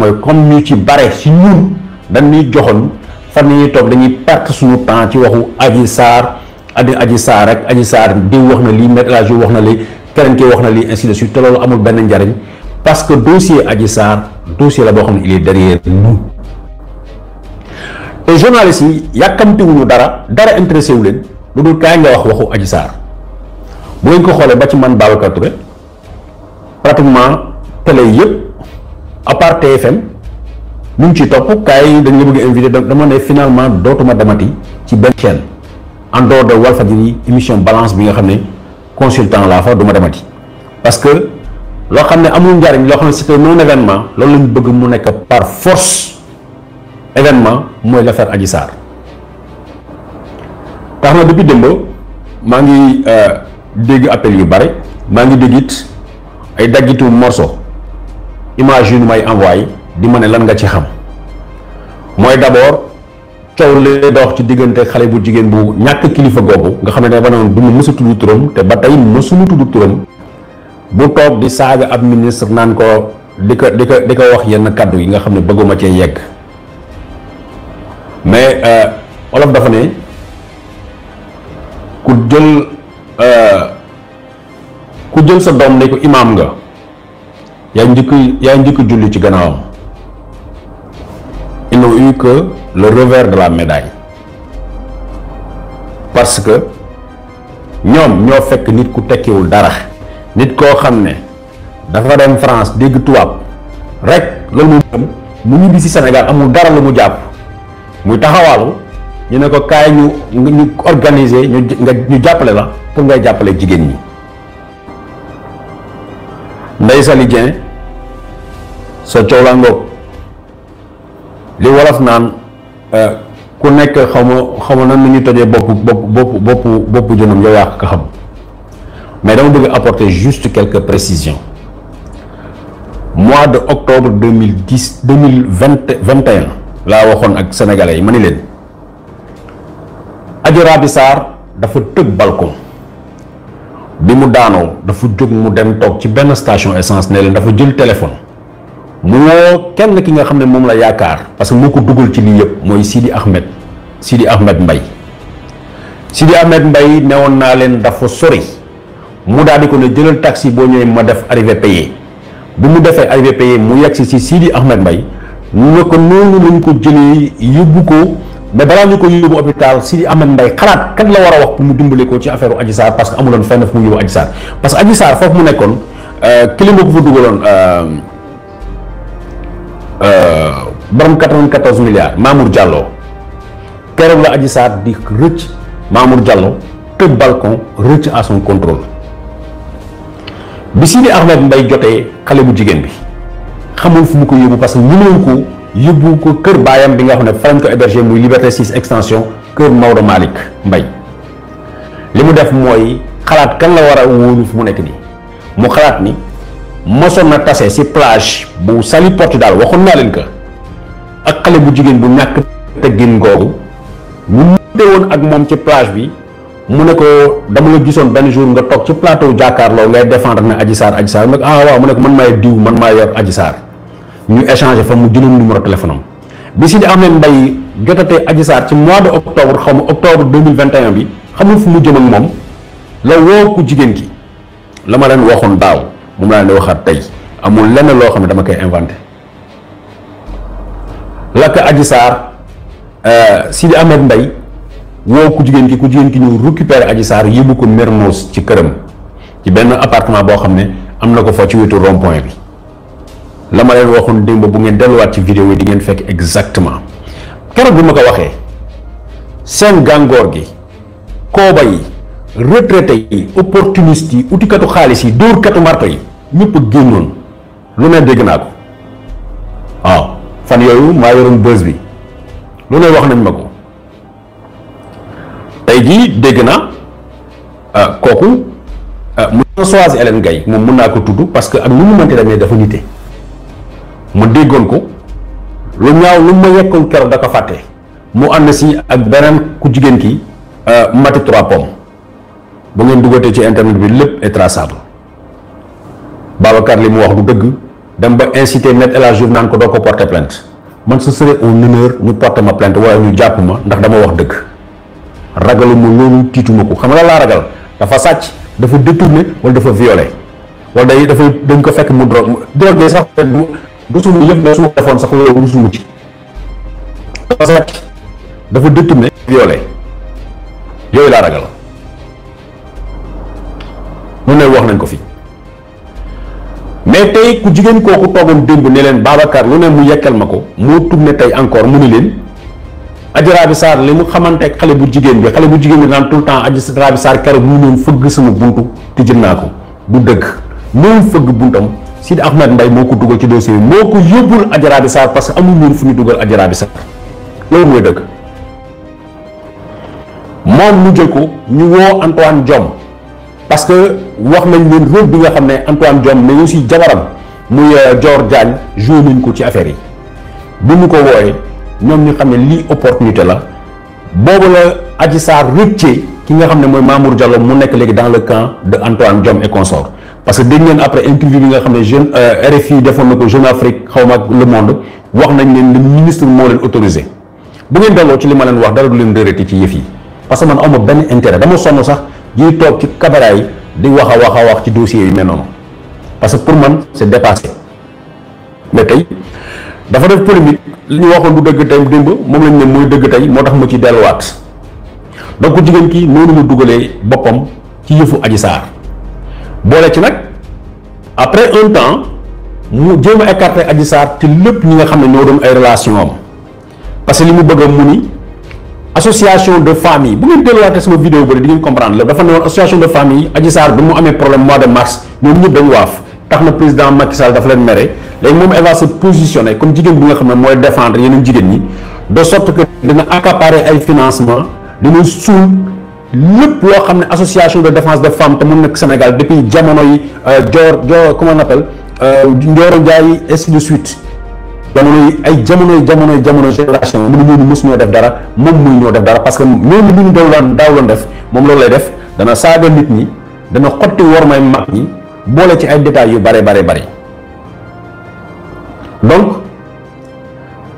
mooy comme ñu ci bare si ñun dañuy joxoon fan yi toog dañuy perte suñu temps ci waxu Adji Sarr adi Adji Sarr rek Adji saar diw wax na lii métrage wax na lii keneen koy wax na lii ainsi de te loolu amul benn njariñ parce que dossier Adji Sarr dossier la boo xam ne il est derrière nous te journalistes yi yàkkamtiwuñu dara dara intéressé wu leen lu dul kaay nga wax waxu Adji Sarr bu ngeen ko xoolee ba ci man Babacar Touré pratiquement télé yëpp. à part TFM lu mu ci topp kaay yi dañ la bëgg a invité dama ne finalement dootuma demati ci benn chaîne en dehors de Walfadjri émission balance bi nga xam ne consultant laa fa duma demati parce que loo xam ne amul njariñ loo xam ne c'est un non événement loolu lañu bëgg mu nekk par force événement mooy l'affaire Adji Sarr tax na depuis démb maa ngi euh, dégg appel yu bare maa ngi déggit ay daggitu morceau image yu ñu may envoyé di ma ne lan nga ci xam mooy d'abord coow li dox ci diggante xale bu jigéen bu ñàkk kilifa googu nga xam ne dafa noonu du ma mësa tudd turam te ba tey mësuma tudd turam bu toog di saaga ab ministre naan ko di ko di ko wax yenn kàddu yi nga xam ne bëgguma cee yegg mais euh, olof dafa ne ku jël euh, ku jël sa doom ne imaam nga yaa njëkk yaa njëkk julli ci gannaawam ils n'ont eu que le revers de la médaille parce que ñoom ñoo fekk nit ku tekkiwul dara nit koo xam ne dafa dem France dégg tubaab rek la mu mu ñibbi Sénégal amul dara lu mu jàpp muy taxawaalu ñu ne ko kaay ñu ñu organiser ñu ñu jàppale la pour ngay jàppale jigéen ñi ndey Saly Dieng sa coow laa ngoog li wolof naan eh, ku nekk xaw ma xaw ma nan la ñuy tojee bopp bopp bopp bopp jënam mais dama bëgg apporter juste quelques précisions mois de octobre deux mille dix deux mille vingt vingt et un laa waxoon ak sénégalais yi ma ni leen Adji Raby dafa tëb balcon. bi mu daanoo dafa jóg mu dem toog ci benn station essence ne leen dafa jël téléphone mu woo kenn ki nga xam ne moom la yaakaar parce que moo ko dugal ci lii yëpp mooy Sidi Ahmed Sidi Ahmed mbay Sidi Ahmed mbay newoon naa leen dafa sori mu daal di ko ne jëlal taxi boo ñëwee ma def arrivé payé bi mu defee arrivé payé mu yegg si Sidi Ahmed mbay mu ne ko noonu lañ ko jëlee yóbbu ko mais balaa ñu ko yóbbu hôpital Sidi Ahmed Mbaye xalaat kan la war a wax pour mu dimbale ko ci affaire Adji Sarr parce que amuloon fenn fu mu yóbbu Adji parce que Adji Sarr foofu mu nekkoon euh, kilim ba ko fa dugaloon euh, euh, borom 94 milliards Mamour Diallo keroog la Adji di rëcc Mamour Diallo tëb balcon rëcc à son contrôle bi Sidi Ahmed Mbaye jotee xale bu jigéen bi xamul fu mu ko yóbbu parce que ñëmewu ko. yóbbu ko kër baayam bi nga xam ne fa lañ ko hébergé muy liberté 6 extension kër Maodo Malick Mbaye li mu def mooy xalaat kan la war a wóolu fu mu nekk nii mu xalaat ni mosoon na tase si plage bu Saly Portudal waxoon naa leen ko ak xale bu jigéen bu ñàkk teggin googu ñu mute ak moom ci plage bi mu ne ko dama la gisoon benn jour nga toog ci plateau jàkkaarloo ngay défendre ne Adji Sarr Adji Sarr mu ah waaw mu ne ko man maay diw man maa yor Adji ñu échangé fa mu jëloon numéro téléphone bi si di amee mbay jotatee Adji Sarr ci mois de octobre xaw ma octobre 2021 bi xamul fu mu jëm ak moom la woo ku jigéen ki la ma leen waxoon daaw mu laa leen waxaat tey amul lenn loo xam ne dama koy inventé lakk Adji Sarr euh, Sidi Ahmed Mbaye woo ku jigéen ki ku jigéen ki ñu récupéré Adji Sarr yóbbu ko Mermoz ci këram ci benn apartement boo xam ne am na ko fa ci wetu rond point bi la ma leen waxoon démb bu ngeen delluwaat ci vidéo yi di ngeen fekk exactement keroog bi ma ko waxee seen gàngoor gi kooba yi retraité yi opportuniste yi utikatu xaalis yi dóorkatu marto yi ñëpp génnoon lu ne dégg naa ko waaw fan yooyu maa yoroon bës bi lu ne wax nañ ma ko tey jii dégg na euh, kooku Françoise euh, Hélène Gaye moom mun naa ko tudd parce que ak nu mu mënti demee dafa nite ma déggoon ko lu ñaaw lu ma yekkoon keroog da ko fàtte mu ànd si ak beneen ku jigéen ki euh, mati trois pommes ba ngeen dugatee ci internet bi lépp est traçable li mu wax du dëgg dem ba incité Maître El Hadji Diouf naan ko doo ko porter plainte man ce serait un honneur ñu porter ma plainte wala ñu jàpp ma ndax dama wax dëgg ragalu mu loolu tiituma ko xam nga laa ragal dafa sàcc dafa détourné wala dafa violé wala day dafay dañ ko fekk mu drogue drogue sax gisul yëpp mais su ma defoon sax loolu gisul ci parce dafa détourné violé yooyu laa ragal mun ne wax nañ ko fi mais tey ku jigéen kooku toogoon démb ne leen Babacar lu ne mu yekkal ma ko moo tourné tey encore mu ni leen Adji Raby Sarr li mu xamante xale bu jigéen bi xale bu jigéen bi naan tout le temps Adji Raby Sarr keroog mu noonu fëgg sama buntu te jël naa ko du dëgg noonu fëgg buntam Sidi Ahmed mbay moo ko dugal ci dossier bi moo ko yóbbul Adji Raby Sarr parce que amul woon fu ñu dugal Adji Raby Sarr loolu mooy dëgg moom mu jël ko ñu woo Antoine Diome parce que wax nañ leen rôle bi nga xam ne Antoine Diome mais si jabaram mu euh, Dior Diagne joué nañ ko ci affaire yi bi mu ko wooyee ñoom ñu xam ne lii opportunité la boobu la Adji Sarr rëccee ki nga xam ne mooy Mamour Diallo mu nekk léegi dans le camp de Antoine Diome et consort parce que dégg ngeen après interview bi nga xam ne jeune euh, RFI defoon na ko Jeune Afrique xaw ma ak Le Monde wax nañ leen ministre moo leen autorisé bu ngeen delloo ci li ma leen wax dara du leen dërëti ci yëf yi parce que man awma benn intérêt dama sonn sax ñuy toog ci cabaret yi di wax a wax a wax ci dossier yu mel noonu parce que pour man c' est dépassé mais tey dafa def polémique li ñu waxoon du dëgg tey démb moom lañ ne mooy dëgg tey moo tax ma ci delluwaat donc jigéen kii noonu la dugalee boppam ci yëfu Adji Sarr boole ci nag après un temps mu jéem a écarter Adji Sarr te lépp ñi nga xam ne ñoo doon ay relation am parce que li mu bëgg a mu ni association de famille bu ngeen delluwaatee sama vidéo bëri di ngeen comprendre la ne woon association de famille Adji Sarr ba mu amee problème mois de mars ñoom ñëpp dañu waaf tax na président Macky dafa leen mere léegi moom elle va se positionner comme jigéen bi nga xam ne mooy défendre yeneen jigéen ñi de sorte que dina accaparer ay financement dina suul. lépp loo xam ne association de défense de femmes te mu nekk Sénégal depuis jamono yi joor euh, joor comment on appelle euh, Ndioro Ndiaye de suite jamono yi ay jamonoy jamonoy jamono génération mën ñoo ñu mës def dara moom muy ñoo def dara parce que ñooñu lu ñu dawloon daawloon def moom loolu lay def dana saaga nit ñi dana xotti war may mag ñi boole ci ay détails yu bare bare bare donc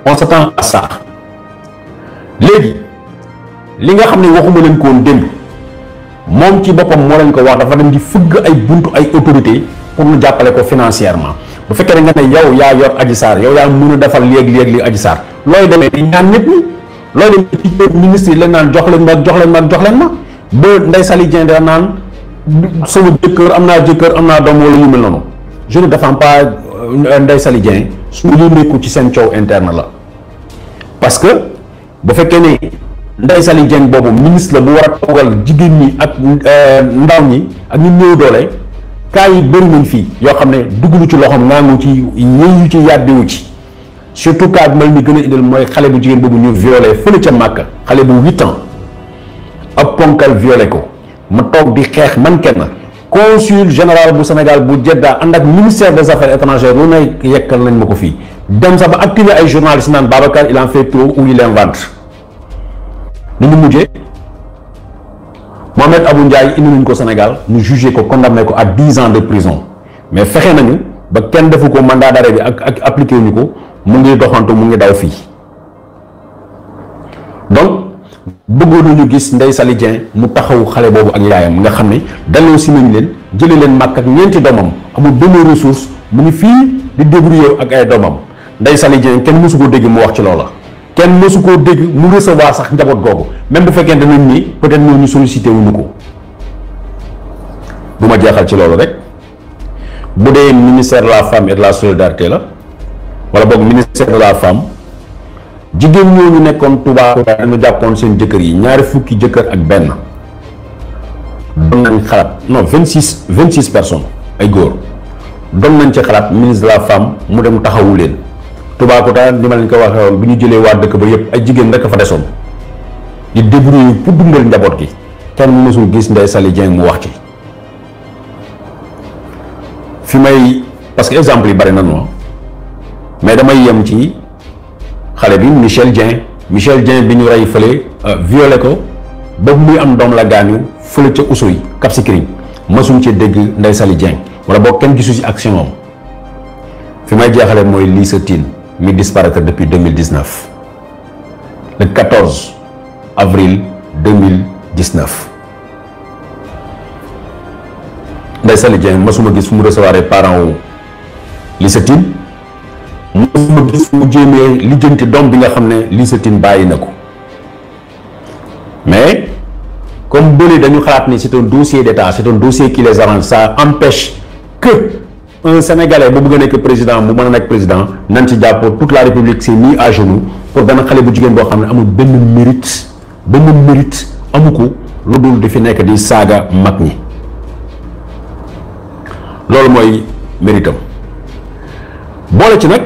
on à ça léegi li nga xam ne waxuma leen ko woon démb moom ci boppam moo lañ ko wax dafa dem di fëgg ay buntu ay autorité pour ñu jàppale ko financièrement bu fekkee ne nga ne yow yaa yor Adji Sarr yow yaa mën a defal léeg-léeg li Adji Sarr looy demee di ñaan nit ñi looy demee ci ministre yi lañ naan jox leen ma jox leen ma jox leen ma ba Ndeye Saly Dieng da naan sama jëkkër am naa jëkkër am naa doom wala yu mel noonu je ne défends pas euh, Ndeye Saly Dieng su ñu nekku ci seen coow interne la parce que fekkee ne Ndeye Saly Dieng boobu ministre bu war a toogal jigéen ñi ak euh, ndaw ñi ak ñu néew doole cas yi bëri nañ fii yoo xam ne dugg ci loxoom naangu ci yëyu ci yàddiwu ci surtout cas bi may mi gën a indil mooy xale bu jigéen boobu ñu violé fële ca Màkka xale bu huit ans ab ponkal violé ko ma toog di xeex man kenn consul général bu senegal bu Jedda ànd ak ministère de affaires étrangères lu ne yekkal nañ ma ko fii dem sax ba activé ay journalistes naan Babacar il en fait trop ou ni mu mujjee Mohamed Abou Ndiaye indi nañ ko senegal mu jugé ko condamné ko à dix ans de prison mais fexe nañu ba kenn defu ko mandat d'arrêt bi ak ak appliqué wuñu ko mu ngi doxantu mu ngi daw fii donc bëggoon nañu gis Ndeye Saly mu taxawu xale boobu ak yaayam nga xam ne delloo si nañ leen jëlee leen màkk ak ñeenti doomam amul benn ressource mu ngi fii di débrouiller ak ay doomam Ndeye Saly Dieng kenn mësu ko dégg mu wax ci loola. kenn mësu koo dégg mu ngi recevoir sax njaboot googu même bu fekkente nañ ni peut-être ñooñu sollicité wuñu ko du ma jeexal ci loolu rek bu dee ministère la femme et la solidarité la wala boog ministère de la femme jigéen ñooñu nekkoon Touba dañu jàppoon seen jëkkër yi ñaari fukki jëkkër ak benn doon nañ xalaat non vingt six vingt six personnes ay góor doon nañ ci xalaat ministre la femme mu dem taxawu leen Toubacouta ni ma leen ko waxee woon bi ñu jëlee waa dëkk ba yëpp ay jigéen rek fa desoon di débrouiller pour dundal njaboot gi kenn mësul gis nday Saly Dieng mu wax ci fi may parce que exemple yi bari na noonu mais damay yem ci xale bi Michel Dieng Michel Dieng bi ñu rey fële euh, violé ko ba muy am doom la gaañu fële ca Oussouye Cap Skirring mësuñ ci dégg Ndeye sali Dieng wala boo kenn gisu ci action am fi may jeexale mooy lii sa tiin mi disparaître depuis de le 14 avril 2019 Ndeye Saly Dieng masuma gis fu mu recevoir parents wu Lissatine masuma gis fu mu jéemee lijjanti doom bi nga xam ne Lissatine bàyyi na ko mais comme bële dañu xalaat ni c'est un dossier d'état c'est un dossier qui les arrange ça empêche que un sénégalais bu bëgg a nekk président bu mën a nekk président nan ci jàpp toute la république s'est mise à genoux pour benn xale bu jigéen boo xam ne amul benn mérite benn mérite amu ko lu dul di fi nekk di saaga mag ñi loolu mooy mérite am boole ci nag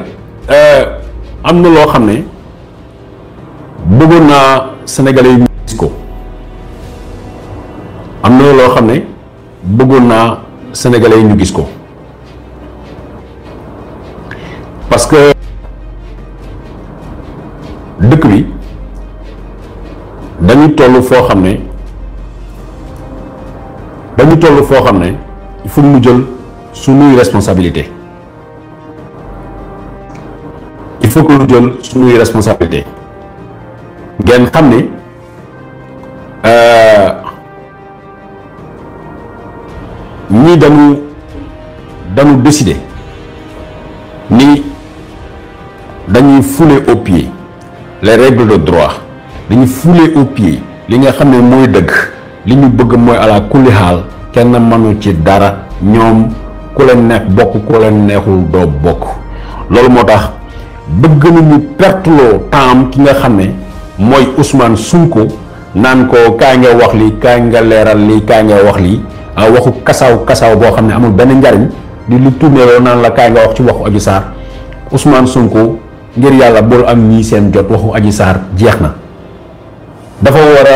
euh, am na loo xam ne bëggoon naa sénégalais yi ko am na loo xam ne bëggoon naa sénégalais yi ñu gis ko. dëkk bi dañu toll foo xam ne dañu toll foo xam ne il faut ñu jël suñuy responsabilité il faut que ñu jël suñuy responsabilité ngeen xam ni euh, ñii dañu dañu décider nii dañuy fule au pied la règles de droit dañu fouler au pied li nga xam ne mooy dëgg li ñu bëgg mooy ala kulli xaal kenn mënul ci dara ñoom ku leen neex bokk ku la neexul doo bokk loolu moo tax bëgg nañu perteloo temps ki nga xam ne mooy Ousmane Sonko naan ko kaay nga wax li kaay nga leeral lii kaay nga wax lii waxu kasaw kasaaw boo xam ne amul benn njariñ di lu tourné naan la kaay nga wax ci waxu Adji Sarr Ousmane sunko ngir yàlla bul am ñii seen jot waxu ajisaar jeex na dafa war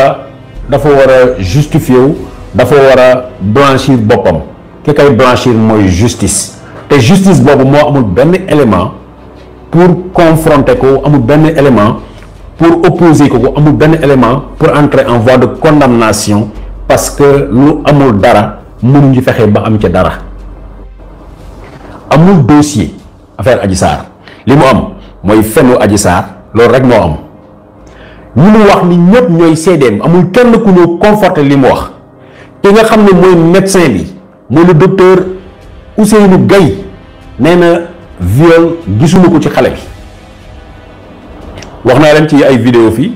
dafa war a justifié wu dafa war a blanchir boppam ki blanchir mooy justice te justice boobu moo amul benn élément pour confronter ko amul benn élément pour opposer ko ko amul benn élément pour entre en voie de condamnation parce que lu amul dara ñu fexe ba am ca dara amul dossier affaire Adji Sarr li mu am mooy fenu aji Sarr loolu rek moo am ñi mu wax ni ñëpp ñooy seedeem amul kenn ku ñu conforté li mu wax ki nga xam ne mooy médecin bi mooy le docteur Ousseynou Gaye nee na viol gisuma ko ci xale bi wax naa leen ci ay vidéo fii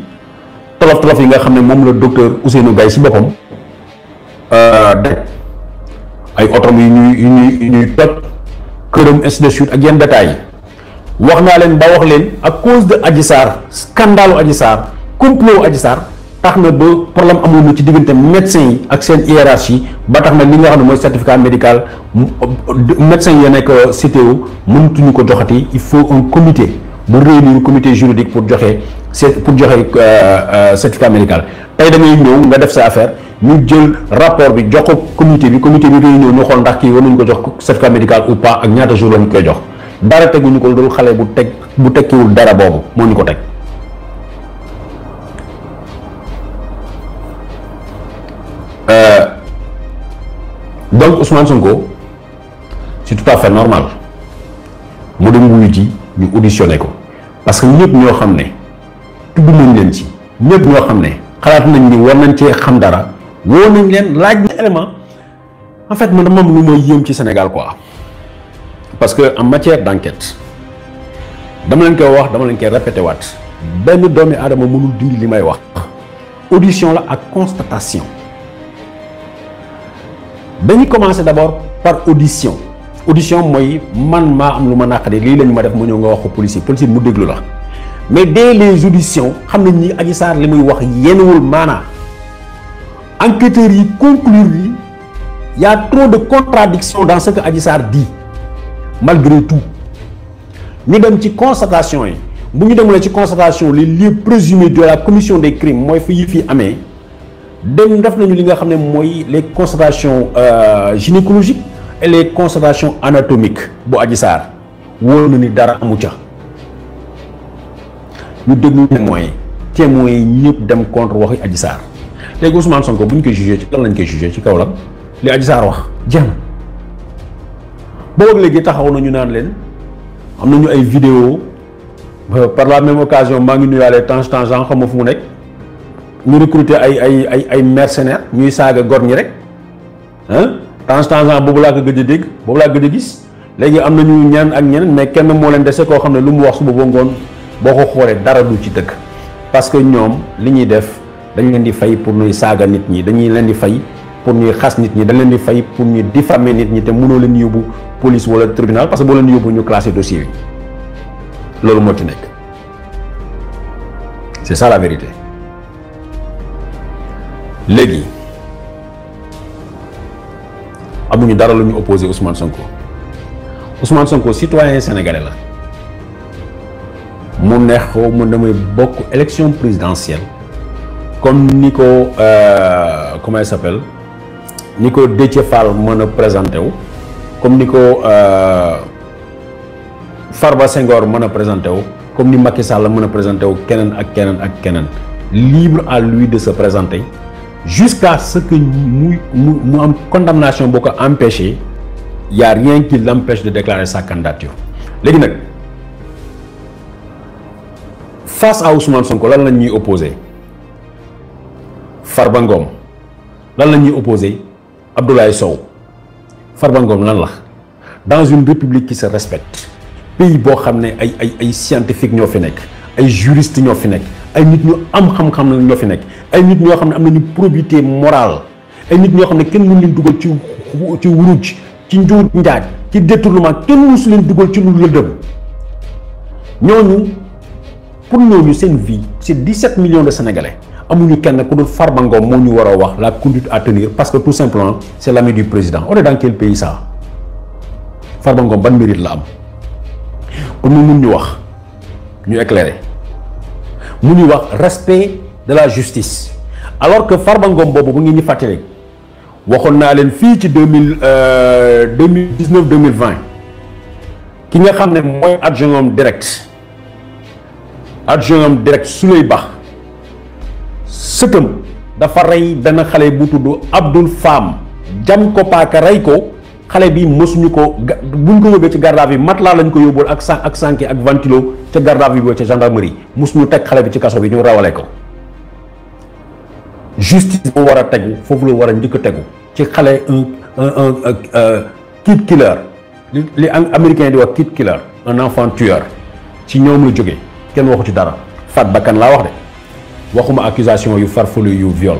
tolof tolof yi nga xam ne moom la docteur nu Gaye si boppam euh, daj ay otom yu ñuy yu ñuy toj këram ainsi ak yenn détails yi wax naa leen ba wax leen à cause de Adji Sarr scandale u Adji Sarr complot Adji Sarr tax na ba problème amoon na ci diggante médecin yi ak seen hiérarchie ba tax na li nga xam ne mooy certificat médical médecin ya nekk CTO mënatuñu ko joxati il faut un comité bu réunir comité juridique pour joxe pour joxe euh, euh, certificat médical tey da ngay ñëw nga def sa affaire ñu jël rapport bi jox ko comité bi comité bi réunion ñu xool ndax kii war nañu ko jox certificat médical ou pas ak ñaata jour lañu koy jox dara teguñu ko dul xale bu teg bu tekkiwul dara boobu moo ñu ko teg euh, donc Ousmane Sonko c'est tout à normal mu dem wuyu ji ñu auditionné ko parce que ñëpp ñoo xam ne tudd nañ leen ci ñëpp ñoo xam ne xalaat nañ ni war nañ cee xam dara woo nañ leen laaj na élément en fait man dama am lu may yéem ci Sénégal quoi parce que en matière d' enquête dama leen koy wax dama leen koy répété waat benn doomi aadama mënul dindi li may wax audition la ak constatation dañuy commencé d' abord par audition audition mooy man maa am lu ma naqari lii la ñu ma def ma ñëw nga wax ko policier policier mu déglu la mais dès les auditions xam nañ ni Adji Sarr li muy wax yenwul maanaa enquêteurs yi conclure yi y' a trop de contradiction dans ce que Adji Sarr malgré tout ñu dem ci constatation yi bu ñu demulee ci constatation li lieux présumés de la commission des crimes mooy fi yi fi amee dem def nañu li nga xam ne mooy les constatations euh, gynécologiques et les constatations anatomique bu Adji Sarr wóor na ni dara amu ca ñu déglu témoins yi témoins yi ñëpp dem contre waxi Adji Sarr léegi Ousmane Sonko bu ñu koy jugé ci lan lañ koy jugé ci kaw lan li Adji wax jeex boobu léegi taxaw na ñu naan leen am nañu ay vidéo par la même maa ngi nuyaale temps temps genre xam ma fu mu nekk ñu recruter ay ay ay ay mercenaires ñuy saaga gor ñi rek ah temps temps genre boobu laa ko gëj a dégg boobu laa gëj a gis léegi am na ñu ñaan ak ñeneen mais kenn moo leen dese koo xam ne lu mu wax suba ba ngoon boo ko xoolee dara du ci dëkk parce que ñoom li ñuy def dañ leen di fay pour nuy saaga nit ñi dañuy leen di fay. pour ñuy xas nit ñi dañ leen di fay pour ñuy diffamer nit ñi te mënoo leen yóbbu police wala tribunal parce que boo leen yóbbu ñu classé dossier bi loolu moo ci nekk c'est ça la vérité léegi amuñu dara lu ñu opposé Ousmane Sonko Ousmane Sonko citoyen sénégalais la mu neex xaw ma damay bokk élection présidentielle comme ni ko euh, comment il s'appelle ni ko Déthié Fall mën a présenté wu comme ni ko euh, Farba Senghor mën a présenté wu comme ni Macky la mën a présenté wu keneen ak keneen ak keneen libre à lui de se présenter jusqu'à ce que muy mu am condamnation boo ko empêché y a rien qui l'empêche de déclarer sa candidature léegi nag face à Ousmane Sonko lan lañ ñuy opposé Farba Ngom lan la ñuy opposé Abdoulaye Sow Farba Ngom lan la dans une république ci sa respecte pays boo xam ne ay ay ay scientifique ñoo fi nekk ay juriste ñoo fi nekk ay nit ñu am xam-xam la ñoo fi nekk ay nit ñoo xam ne am nañu probité morale ay nit ñoo xam ne kenn mënu leen dugal ci ci wuruj ci njuut njaaj ci détournement kenn mësu leen dugal ci lu lëndëm ñooñu pour ñooñu seen vie c'est 17 million de sénégalais. amuñu kenn ku dul Farba Ngom ñu war a wax la conduite à tenir parce que tout simplement c' est l'ami du président on est dans quel pays ban mérite la am kon mu mun ñu wax ñu éclairer mu ñuy wax respect de la justice alors que Farba boobu bu ngeen ñu fàttali waxoon naa leen fii ci deux mille euh, deux mille dix neuf deux mille vingt ki nga xam ne mooy adjoint direct adjoint am direct su lay bax sëtam dafa rey benn xale bu tudd Abdoul Fam jam ko paaka rey ko xale bi mësuñu ko buñ ko yóbbee ci garde à mat laa matelas lañ ko yóbbul ak sa ak sànke ak ventilo ca garde à vue bi ca gendarmerie mësuñu teg xale bi ci kaso bi ñu rawale ko justice moo war a tegu foofu la war a njëkk tegu ci xale un un un euh, kid killer li américain di wax kid killer un enfant tueur ci ñoom la jóge kenn waxu ci dara fat bakkan laa wax de waxuma accusation yu farfelu yu viol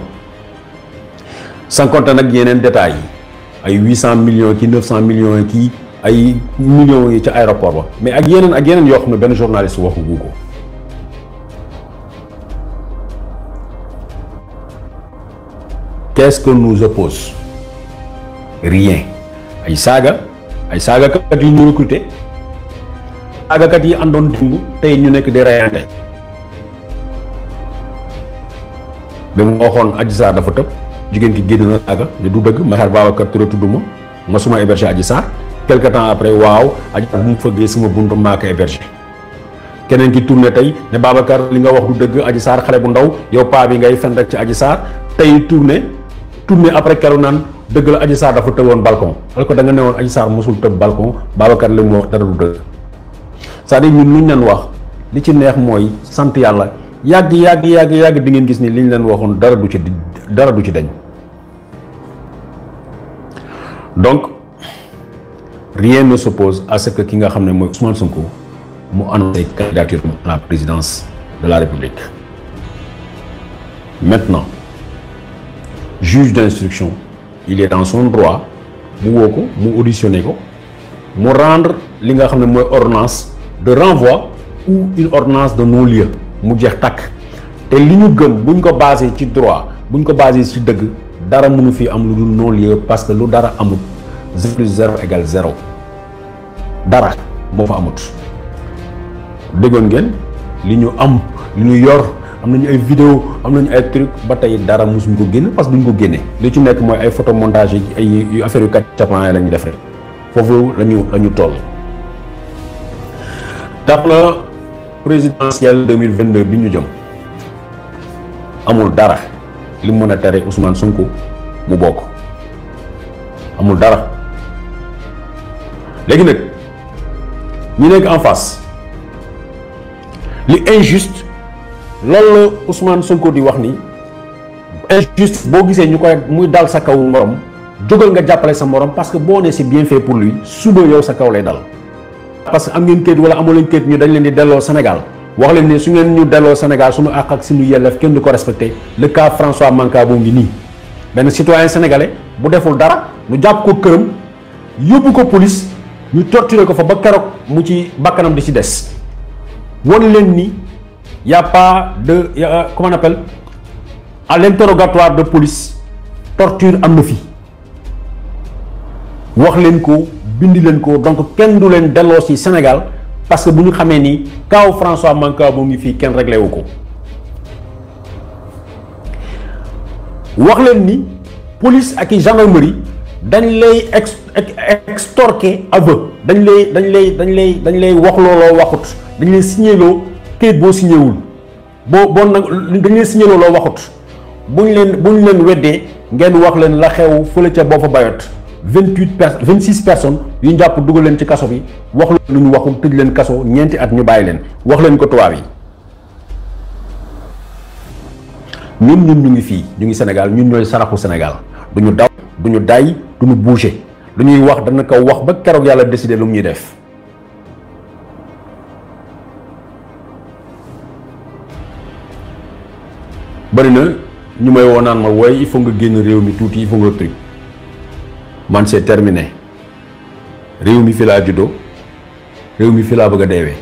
sans compter nag yeneen détails yi ay huit 800 millions ki cent million ki ay millions yi ca aéroport ba mais ak yeneen yoo xam ne benn journaliste waxu gu ko qu'est-ce que nous oppose rien ay saaga ay saagakat yu ñu recruté saagakat yi àndoon dimb tey ñu nekk di reyante dama nga waxoon Adji Sarr dafa tëb jigéen ki génn na saaga ne du dëgg Maher Babacar Touré tudd ma ma suma hébergé Adji Sarr quelque temps après waaw Adji Sarr bu mu fëggee suma buntu maa ko keneen ki tourné tey ne Babacar li nga wax du dëgg Adji Sarr xale bu ndaw yow paa bi ngay fen rek ci Adji Sarr tey tourné tourné après keroog naan dëgg la Adji Sarr dafa tëboon balcon alors que da nga ne woon Adji Sarr mosul tëb balcon Babacar li mu wax dara du dëgg c'est-à-dire ñun luñ leen wax li ci neex mooy sant yàlla yàgg yàgg yàgg yàgg bi ngeen gis ni liñ leen waxoon dara du ci dara du ci dañ donc rien me s'oppose à ce que ki nga xam ne mooy Ousmane ko mu annoncé candidature à la présidence de la République maintenant juge d'instruction il est dans son droit mu woo ko mu auditionné ko mu rendre li nga xam ne mooy ordonnance de renvoi ou une ordonnance de non mu jeex takk te li ñu gëm buñ ko baasee ci droit buñ ko baasee ci dëgg dara mënu fii am lu dul non lieu parce que lu dara amut zéro plus zéro égale zéro dara moo fa amut déggoon ngeen li ñu am li ñu yor am nañu ay vidéo am nañu ay truc ba tey dara suñ ko génn parce que duñ ko génne li ci nekk mooy ay photo montage yi ay yu affaire yu kat capan yi la ñu def rek foofu la ñu la ñu toll tax la présidentielle 2022 bi ñu jëm amul dara li mën a tere Ousmane Sonko mu bokk amul dara léegi nag ñu nekk en face li injuste loolu la Ousmane Sonko di wax ni injuste boo gisee ñu koy muy dal sa kaw morom jógal nga jàppale sa morom parce que boo nee si bien fait pour lui suba yow sa kaw lay dal. parce que am ngeen kayit wala amoo leen kayit ñu dañ leen di delloo Sénégal wax leen ni su ngeen ñu delloo Sénégal suñu àq ak suñu yelleef kenn du ko respecté le cas François Mancabou ngi nii benn citoyen sénégalais bu deful dara ñu jàpp ko këram yóbbu ko police ñu torturé ko fa ba keroog mu ci bakkanam di ci des won leen ni y' a pas de comment on appelle à l' de police torture am na fi wax leen ko. bindi leen ko donc kenn du leen delloo ci Sénégal parce que bu ñu xamee ni kaw François Mancabou moo ngi fii kenn réglé wu ko wax leen ni police ak i gendarmerie dañ lay ex extorquer aveu dañ lay dañ lay dañ lay dañ lay wax looloo waxut dañ lay signéloo këyit boo signéwul boo boo nag dañ lay signéloo loo waxut buñ leen buñ leen weddee ngeen wax leen la xew fële ca boo fa bayot vingt huit pers vingt six personnes yu ñu jàpp dugal leen ci kaso bi wax lu ñu waxul tëj leen kaso ñeenti at ñu bàyyi leen wax leen ko tubaab yi ñun ñun ñu ngi fii ñu ngi Sénégal ñun ñooy saraxu Sénégal du ñu daw du ñu day du ñu bouger lu ñuy wax dana ko wax ba keroog yàlla décider lu mu ñuy def. bëri na ñu may woo naan ma wooy génn réew mi tuuti il man c'est terminé réew mi fi laa juddoo réew mi fi laa bëgg a deewee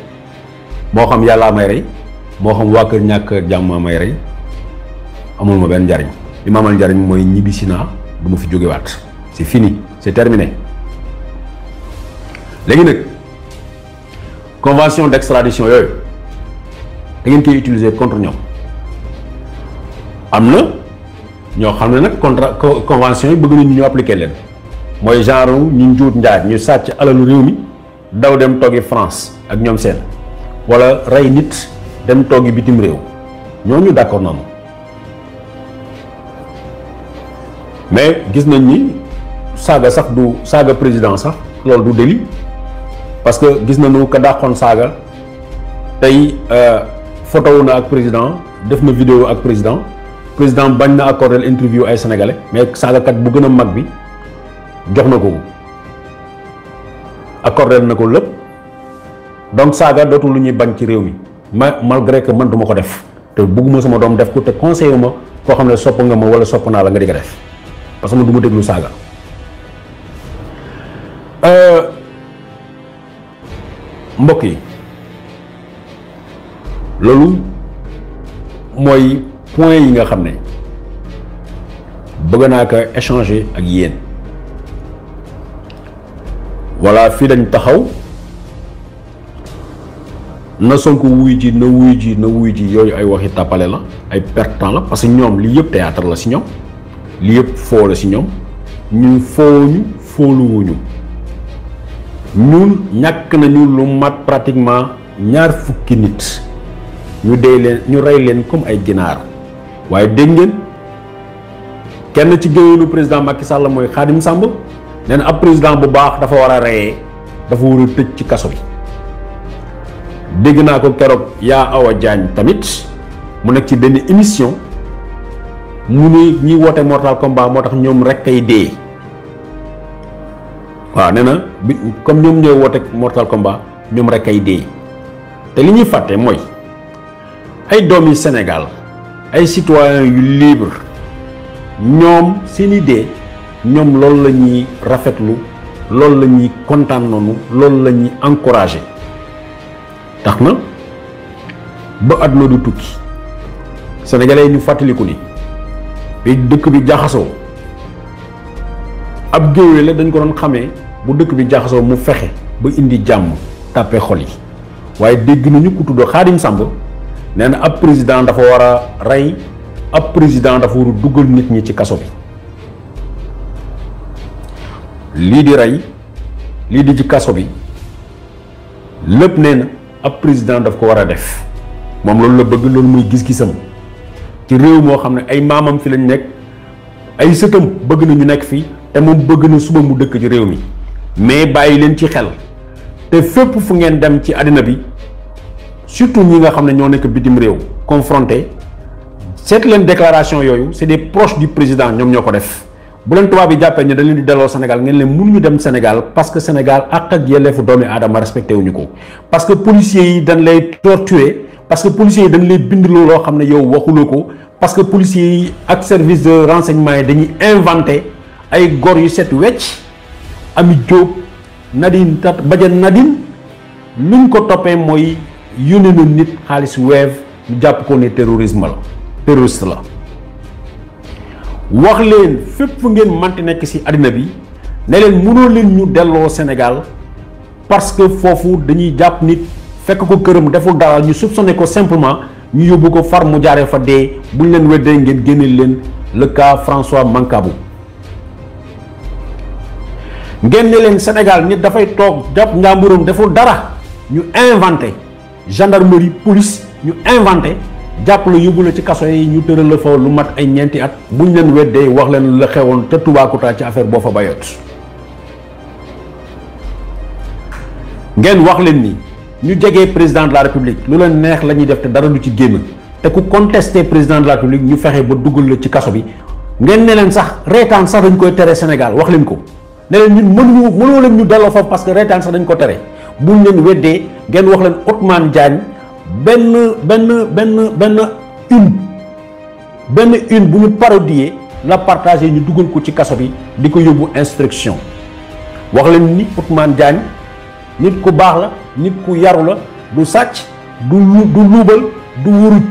moo xam yàllaa may rey moo xam waa kër ñàkk jàmm may rey amul ma benn njariñ li ma amal njariñ mooy ñibbisi naa du ma fi jógewaat c'est fini c'est terminé léegi nag convention d'extradition yooyu da ngeen koy utiliser contre ñoom am na ñoo xam ne nag contrat convention yi bëgg nañ ñu appliquer leen. mooy genre ñu njuut njaaj ñu sàcc alalu réew mi daw dem toggi France ak ñoom seen wala rey nit dem toggi bitim réew ñooñu d'accord nañu mais gis nañ ni saaga sax du saaga président sax loolu du délit parce que gis nañu ka dàqoon saaga tey euh, photo na ak président def na vidéo ak président président bañ na accordé interview ay sénégale mais saagakat bu gën a mag bi. jox na ko ko na ko lépp donc saaga dootul lu ñuy bañ ci réew mi ma malgré que man duma ko def te bugguma sama doom def ko te conseiller ma koo xam ne sopp nga ma wala sopp naa la nga di ko def parce que man du ma déglu saaga euh, mbokk yi loolu mooy point yi nga xam ne bëgg naa ko échangé ak yéen voilà fii dañ taxaw na Sonko wuy ji na wuy ji na wuy ji yooyu ay waxi tàppale la ay perte la parce que ñoom lii yëpp théâtre la si ñoom lii yëpp foo ci ñoom ñun foowuñu fooluwuñu ñun ñàkk nañu lu mat pratiquement ñaar fukki nit ñu dee leen ñu rey leen comme ay ginaar waaye dégg ngeen kenn ci géwélu président Macky Sall mooy Khadim Samb nee ab président bu baax dafa war a reyee dafa war a tëj ci kaso bi dégg naa ko keroog yaa Awa Diagne tamit mu nekk ci benn émission mu ni ñi woote mortal combat moo tax ñoom rek kay dee waaw nee na bi comme ñoom ñooy woote mortal komba ñoom rek kay dee te li ñuy fàtte mooy ay doomi Sénégal ay citoyens yu libre ñoom seeni dee ñoom loolu la ñuy rafetlu loolu la ñuy kontaan noonu loolu la ñuy encouragé tax na ba àdduna du tukki sénégalais yi ñu fàttaliku ni bi dëkk bi jaxasoo ab géwél la dañ ko doon xamee bu dëkk bi jaxasoo mu fexe ba indi jàmm tàppe xol yi waaye dégg nañu ku tudd Xaadim Samb nee na ab président dafa war a rey ab président dafa war a dugal nit ñi ci kaso bi lii di rey lii di ci kaso bi lépp nee na ab président daf ko war a def moom loolu la bëgg loolu muy gis-gisam ci réew moo xam ne ay maamam fi lañ nekk ay sëtam bëgg na ñu nekk fii te moom bëgg na suba mu dëkk ci réew mi mais bàyyi leen ci xel te fépp fu ngeen dem ci àddina bi surtout ñi nga xam ne ñoo nekk bitim réew confronté seet leen déclaration yooyu c'est des proches du président ñoom ñoo ko def bu leen tubaab yi jàppee ne dañ leen di delloo Sénégal ngeen leen mënuñu dem Sénégal parce que Sénégal àq ak yelleefu doomi aadama respecté wuñu ko parce que policiers yi dañ lay torturer parce que policiers yi dañ lay bind loo xam ne yow waxuloo ko parce que policiers yi ak service de renseignement yi dañuy inventé ay góor yu set wecc Ami Diop Nadine Tat Badiane Nadine luñ ko toppee mooy yónnee na nit xaalis weev ñu jàpp ko ne terrorisme la terroriste la wax leen fépp fu ngeen manti nekk ci àddina bi ne leen mënoo leen ñu delloo Sénégal parce que foofu dañuy jàpp nit fekk ko këram deful dara ñu soupçonné ko simplement ñu yóbbu ko far mu jaaree fa dee bu ñu leen weddee ngeen génnee leen le cas François Mancabou ngeen ne leen Sénégal nit dafay toog jàpp njàmburam deful dara ñu inventé gendarmerie police ñu inventé jàpp la yóbbu la ci kaso yi ñu tëral la fa lu mat ay ñeenti at buñ leen weddee wax leen la xewoon te Toubacouta ci affaire boo fa bayoot ngeen wax leen ni ñu jegee président de la république lu leen neex la ñuy def te dara lu ci génn te ku contesté président de la république ñu fexe ba duggal la ci kaso bi ngeen ne leen sax reetaan sax dañ koy tere Sénégal wax leen ko ne leen ñun mënuñu mënoo leen ñu delloo fa parce que reetaan sax dañ ko tere bu leen weddee ngeen wax leen Ousmane Diagne benn benn benn benn une benn une bu ñu parodier la ñu dugal ko ci kaso bi di ko yóbbu instruction wax leen ni Ousmane Diagne nit ku baax la nit ku yaru la du sàcc du du luubal du wuruj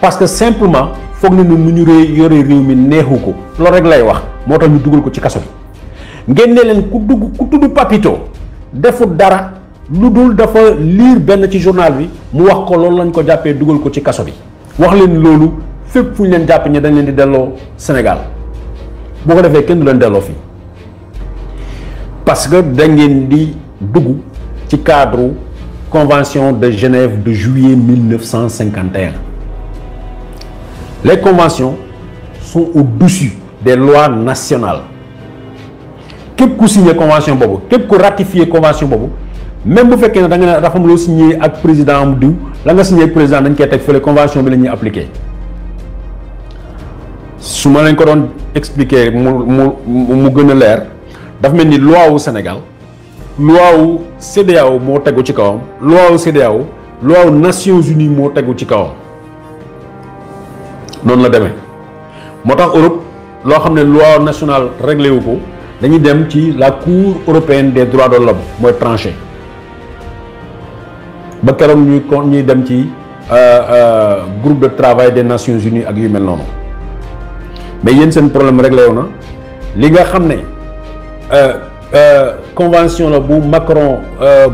parce que simplement foog na ni nu ñu ré yore réew mi neexu ko loolu rek lay wax moo tax ñu dugal ko ci kaso bi ngeen leen ku dugg ku tudd Papito defut dara lu dul dafa liir benn ci journal bi mu wax ko loolu lañ ko jàppee dugal ko ci kaso bi wax leen loolu fépp fu ñu leen jàpp ñi dañu leen di delloo Sénégal boo ko defee kenn du leen delloo fii parce que da ngeen di dugg ci cadre convention de Genève de juillet 1951 les conventions sont au-dessus des lois nationales képp ku signé convention boobu képp ku ratifié convention boobu même bu fekkee ne da nga ne dafa am loo signé ak président am diw la nga signé ak président dañ koy teg fële convention bi la ñuy appliqué su ma leen ko doon expliquer mu mu mu gën a leer dafa mel ni loi wu Sénégal loi wu CEDEAO moo tegu ci kawam loi wu CEDEAO loi wu Nations Unies moo tegu ci kawam noonu la deme moo tax Europe loo xam ne loi nationale réglé wu ko dañuy dem ci la cour européenne des droits de l'homme mooy tranché. ba keroog ñuy kon ñuy dem ci euh, euh, groupe de travail des Nations Unies ak yu mel noonu mais yéen seen problème réglé wu na li nga xam ne euh, convention la bu Macron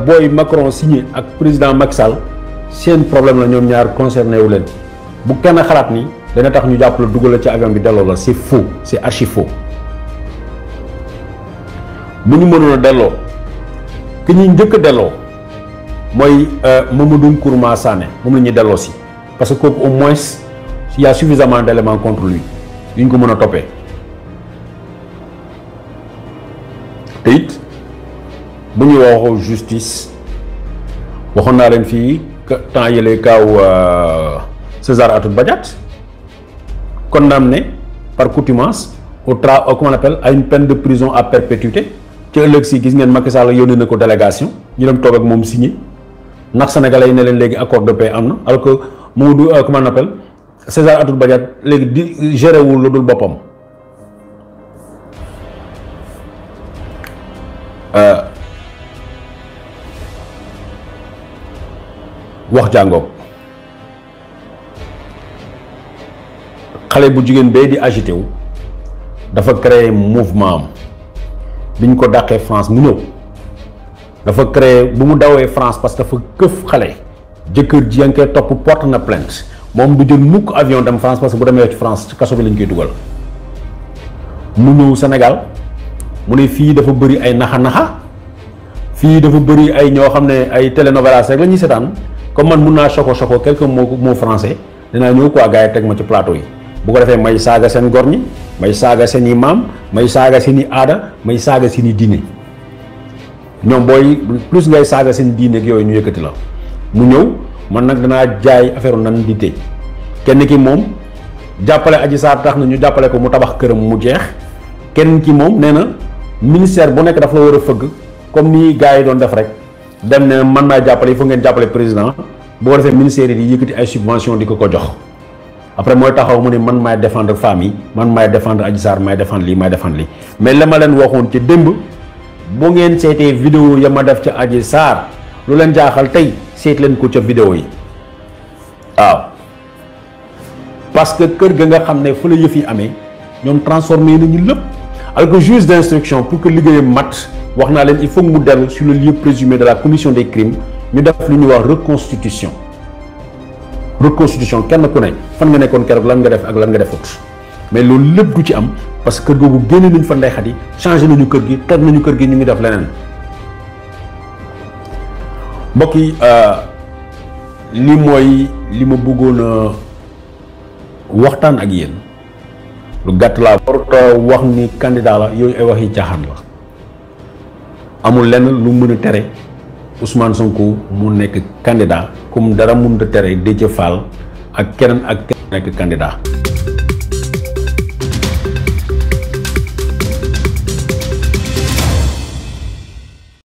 booy Macron signé ak président Macky Sall seen problème la ñoom ñaar concerné wu leen bu kenn xalaat ni dana tax ñu jàpp la dugal la ci avion bi delloo la c'est faux c'est archi faux bu ñu mënoon delloo ki ñuy njëkk delloo. mooy euh, Mamadou Nkrumah sànne moom la ñuy delloo si parce que kooku au moins il y a suffisamment d'éléments contre lui yu ñu ko mën a toppee te it ñu ñuy waxoo justice waxoon naa leen fii temps yële kaaw euh, César Atoute Badiate condamné par coutumance au tra comment on appelle à une peine de prison à perpétuité ci ëllëg si gis ngeen Macky Sall yónnee na ko délégation ñu dem toog ak moom signé nax senegal yi ne leen léegi accord de paix am na alors que Mamadou euh, comment on appelle César Atoute Badiate léegi di géré lu dul boppam. Euh, wax jàngoog xale bu jigéen bee di agité wu dafa créer mouvement am bi ñu ko dàqee France mu ñëw. dafa créer bu mu dawee France parce que dafa këf xale jëkkër ji yaa topp porte na plainte moom bu jël mukk avion dem France parce que bu demee ci France ci kaso bi lañ koy dugal mu ñëw mu ne fii dafa bëri ay naxa-naxa fii dafa bëri ay ñoo xam ne ay télénovelas rek la ñuy seetaan comme man mun naa choco choco quelques mots mots français dinaa ñëw ko gars yi teg ma ci plateau yi bu ko defee may saaga seen gor ñi may saaga seeni maam may saaga seeni i aada may saaga seeni i ñoom booy plus ngay saaga seen diine ak yooyu ñu yëkkati la mu ñëw man nag danaa jaay affaire nan di tëj kenn ki moom jàppale aji saar tax na ñu jàppale ko mu tabax këram mu jeex kenn ki moom nee na ministère bu nekk dafa la war a fëgg comme ni gars yi doon def rek dem ne man maa jàppale il faut ngeen jàppale président boo defee ministère yi di yëkkati ay subvention di ko ko jox après mooy taxaw mu ne man maay défendre famille man maay défendre aji saar maay défendre lii maay lii mais la ma leen waxoon ci démb bu ngeen seetee vidéo ya ma def ca Adji saar lu leen jaaxal tey seet leen ko ca vidéo yi waaw parce que kër ga nga xam ne fa la yëf yi amee ñoom transformé nañu lépp alors que juge d'instruction pour que liggéeyam mat wax naa leen i faut mu dellu sur le lieu présumé de la commission des crimes ñu def lu ñuy wax reconstitution reconstitution kenn ku ne fan nga nekkoon keroog lan nga def ak lan nga defut mais loolu lépp du ci am parce que kër googu génne nañ fa Ndeye Khady changé nañu kër gi toj nañu kër gi ñu ngi def leneen mbokk yi euh, li mooy li ma bëggoon waxtaan ak yéen lu gàtt laa warut wax ni candidat la yooyu ay waxi caaxaan la amul lenn lu mën a tere Ousmane Sonko mu nekk candidat comme dara mënut a tere Déthié Fall ak keneen ak keneen nekk candidat